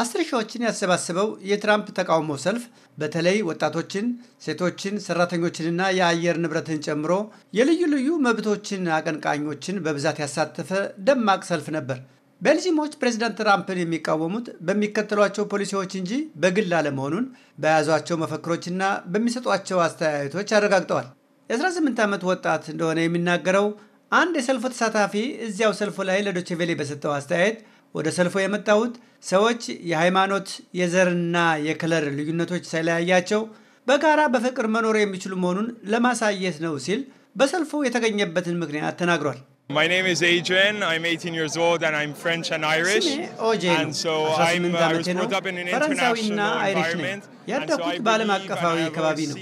አስር ሺዎችን ያሰባሰበው የትራምፕ ተቃውሞ ሰልፍ በተለይ ወጣቶችን፣ ሴቶችን፣ ሰራተኞችንና የአየር ንብረትን ጨምሮ የልዩ ልዩ መብቶችን አቀንቃኞችን በብዛት ያሳተፈ ደማቅ ሰልፍ ነበር። ቤልጂሞች ፕሬዚዳንት ትራምፕን የሚቃወሙት በሚከተሏቸው ፖሊሲዎች እንጂ በግል አለመሆኑን በያዟቸው መፈክሮችና በሚሰጧቸው አስተያየቶች አረጋግጠዋል። የ18 ዓመት ወጣት እንደሆነ የሚናገረው አንድ የሰልፉ ተሳታፊ እዚያው ሰልፉ ላይ ለዶቼቬሌ በሰጠው አስተያየት ወደ ሰልፎ የመጣሁት ሰዎች የሃይማኖት የዘርና የክለር ልዩነቶች ሳይለያያቸው በጋራ በፍቅር መኖር የሚችሉ መሆኑን ለማሳየት ነው ሲል በሰልፉ የተገኘበትን ምክንያት ተናግሯል። My name is Adrian. I'm 18 years old and I'm French and Irish. And so I'm uh, brought up in an international environment. ያደኩት በዓለም አቀፋዊ ከባቢ ነው።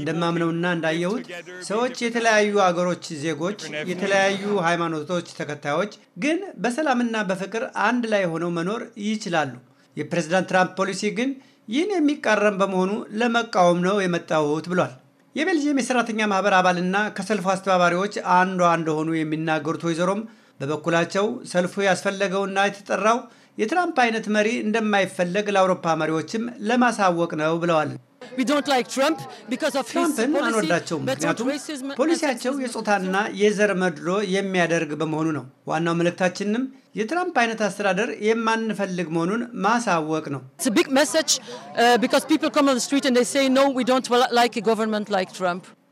እንደማምነውና እንዳየሁት ሰዎች የተለያዩ አገሮች ዜጎች፣ የተለያዩ ሃይማኖቶች ተከታዮች ግን በሰላምና በፍቅር አንድ ላይ ሆነው መኖር ይችላሉ። የፕሬዚዳንት ትራምፕ ፖሊሲ ግን ይህን የሚቃረም በመሆኑ ለመቃወም ነው የመጣሁት ብሏል። የቤልጅየም የሰራተኛ ማህበር አባልና ከሰልፉ አስተባባሪዎች አንዷ እንደሆኑ የሚናገሩት ወይዘሮም በበኩላቸው ሰልፉ ያስፈለገውና የተጠራው የትራምፕ አይነት መሪ እንደማይፈለግ ለአውሮፓ መሪዎችም ለማሳወቅ ነው ብለዋል። ትራምፕን አንወዳቸውም፣ ምክንያቱም ፖሊሲያቸው የጾታና የዘር መድሎ የሚያደርግ በመሆኑ ነው። ዋናው መልእክታችንም የትራምፕ አይነት አስተዳደር የማንፈልግ መሆኑን ማሳወቅ ነው። uh,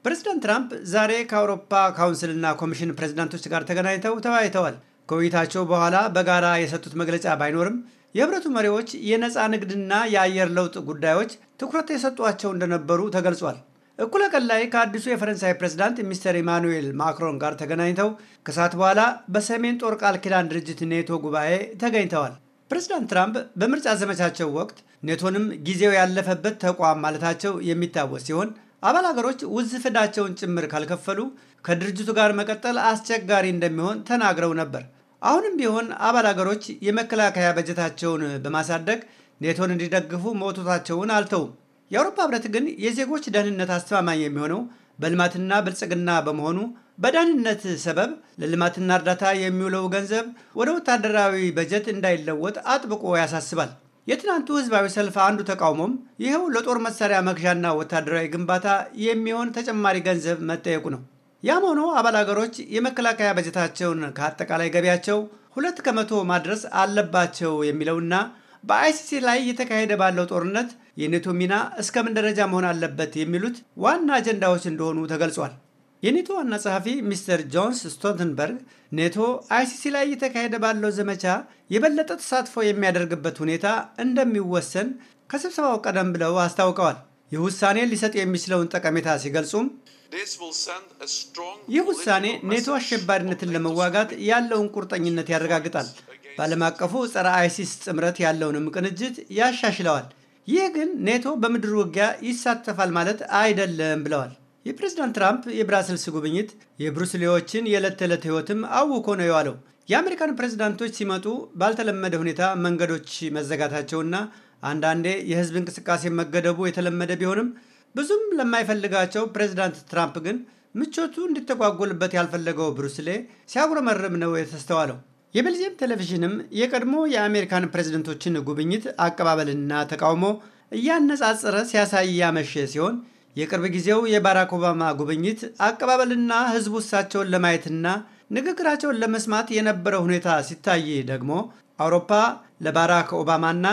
ፕሬዚዳንት ትራምፕ ዛሬ ከአውሮፓ ካውንስልና ኮሚሽን ፕሬዚዳንቶች ጋር ተገናኝተው ተወያይተዋል። ከውይይታቸው በኋላ በጋራ የሰጡት መግለጫ ባይኖርም የህብረቱ መሪዎች የነፃ ንግድና የአየር ለውጥ ጉዳዮች ትኩረት የሰጧቸው እንደነበሩ ተገልጿል። እኩለ ቀን ላይ ከአዲሱ የፈረንሳይ ፕሬዝዳንት ሚስተር ኢማኑኤል ማክሮን ጋር ተገናኝተው ከሰዓት በኋላ በሰሜን ጦር ቃል ኪዳን ድርጅት ኔቶ ጉባኤ ተገኝተዋል። ፕሬዚዳንት ትራምፕ በምርጫ ዘመቻቸው ወቅት ኔቶንም ጊዜው ያለፈበት ተቋም ማለታቸው የሚታወስ ሲሆን አባል ሀገሮች ውዝፍዳቸውን ጭምር ካልከፈሉ ከድርጅቱ ጋር መቀጠል አስቸጋሪ እንደሚሆን ተናግረው ነበር። አሁንም ቢሆን አባል አገሮች የመከላከያ በጀታቸውን በማሳደግ ኔቶን እንዲደግፉ መውቶታቸውን አልተውም። የአውሮፓ ህብረት ግን የዜጎች ደህንነት አስተማማኝ የሚሆነው በልማትና ብልጽግና በመሆኑ በደህንነት ሰበብ ለልማትና እርዳታ የሚውለው ገንዘብ ወደ ወታደራዊ በጀት እንዳይለወጥ አጥብቆ ያሳስባል። የትናንቱ ህዝባዊ ሰልፍ አንዱ ተቃውሞም ይኸው ለጦር መሳሪያ መግዣና ወታደራዊ ግንባታ የሚሆን ተጨማሪ ገንዘብ መጠየቁ ነው። ያም ሆኖ አባል አገሮች የመከላከያ በጀታቸውን ከአጠቃላይ ገቢያቸው ሁለት ከመቶ ማድረስ አለባቸው የሚለውና በአይሲሲ ላይ እየተካሄደ ባለው ጦርነት የኔቶ ሚና እስከምን ደረጃ መሆን አለበት የሚሉት ዋና አጀንዳዎች እንደሆኑ ተገልጿል። የኔቶ ዋና ጸሐፊ ሚስተር ጆንስ ስቶልተንበርግ ኔቶ አይሲሲ ላይ እየተካሄደ ባለው ዘመቻ የበለጠ ተሳትፎ የሚያደርግበት ሁኔታ እንደሚወሰን ከስብሰባው ቀደም ብለው አስታውቀዋል። ይህ ውሳኔ ሊሰጥ የሚችለውን ጠቀሜታ ሲገልጹም ይህ ውሳኔ ኔቶ አሸባሪነትን ለመዋጋት ያለውን ቁርጠኝነት ያረጋግጣል፣ በዓለም አቀፉ ጸረ አይሲስ ጥምረት ያለውንም ቅንጅት ያሻሽለዋል። ይህ ግን ኔቶ በምድር ውጊያ ይሳተፋል ማለት አይደለም ብለዋል። የፕሬዝዳንት ትራምፕ የብራስልስ ጉብኝት የብሩስሌዎችን የዕለት ተዕለት ሕይወትም አውኮ ነው የዋለው። የአሜሪካን ፕሬዝዳንቶች ሲመጡ ባልተለመደ ሁኔታ መንገዶች መዘጋታቸውና አንዳንዴ የህዝብ እንቅስቃሴ መገደቡ የተለመደ ቢሆንም ብዙም ለማይፈልጋቸው ፕሬዚዳንት ትራምፕ ግን ምቾቱ እንዲተጓጎልበት ያልፈለገው ብሩስሌ ሲያጉረመርም ነው የተስተዋለው። የቤልጅየም ቴሌቪዥንም የቀድሞ የአሜሪካን ፕሬዝደንቶችን ጉብኝት አቀባበልና ተቃውሞ እያነጻጸረ ሲያሳይ ያመሸ ሲሆን የቅርብ ጊዜው የባራክ ኦባማ ጉብኝት አቀባበልና ህዝቡ እሳቸውን ለማየትና ንግግራቸውን ለመስማት የነበረ ሁኔታ ሲታይ ደግሞ አውሮፓ ለባራክ ኦባማና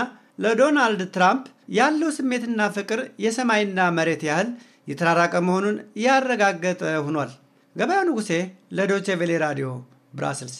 ለዶናልድ ትራምፕ ያለው ስሜትና ፍቅር የሰማይና መሬት ያህል የተራራቀ መሆኑን ያረጋገጠ ሆኗል። ገበያው ንጉሴ ለዶቼ ቬሌ ራዲዮ ብራስልስ